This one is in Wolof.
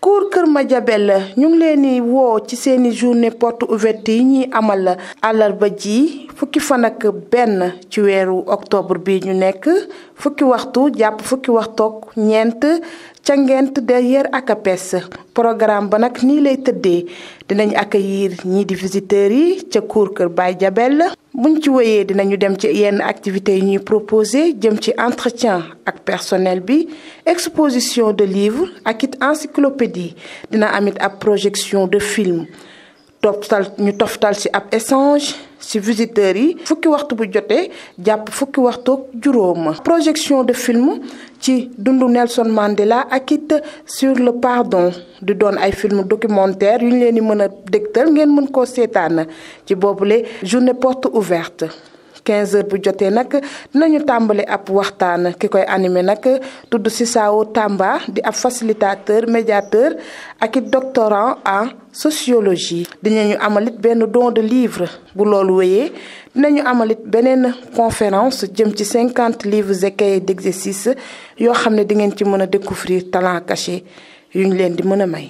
cour Kër ma jabel la ñu ngi leen di woo ci seeni journée porte ouverte yi ñuy amal àllarba ji fukki fan benn ci weeru octobre bi ñu nekk fukki waxtu jàpp fukki waxtoog ñeent ca ngent derrière akapes programme ba nag nii lay tëddee dinañ yiir ñii di visiteurs yi ca cour Kër Baye Diabel buñ ci wéyee dinañu dem ci yenn activités yi ñuy proposé jëm ci entretien ak personnel bi exposition de livres ak it encyclopédie dina amit ab projection de film toftal ñu toftal ci ab échange ci visiteurs yi fukki waxtu bu jotee jàpp fukki waxtu ak juróom projection de film ci dundu Nelson Mandela ak it sur le pardon di doon ay film documentaire yu ñu leen di mën a dégtal ngeen mën koo seetaan ci boobule journée porte ouverte 15 heures bu jotee nag dinañu tàmbali ab waxtaan ki koy animé nag tudd Sissao Tamba di ab facilitateur médiateur ak i doctorant en sociologie. dinañu amalit benn don de livre bu loolu wéyee dinañu amalit beneen conférence jëm ci 50 livres et cahiers d'exercice yoo xam ne di ngeen ci mën a découvrir talent caché yu ñu leen di mën a may.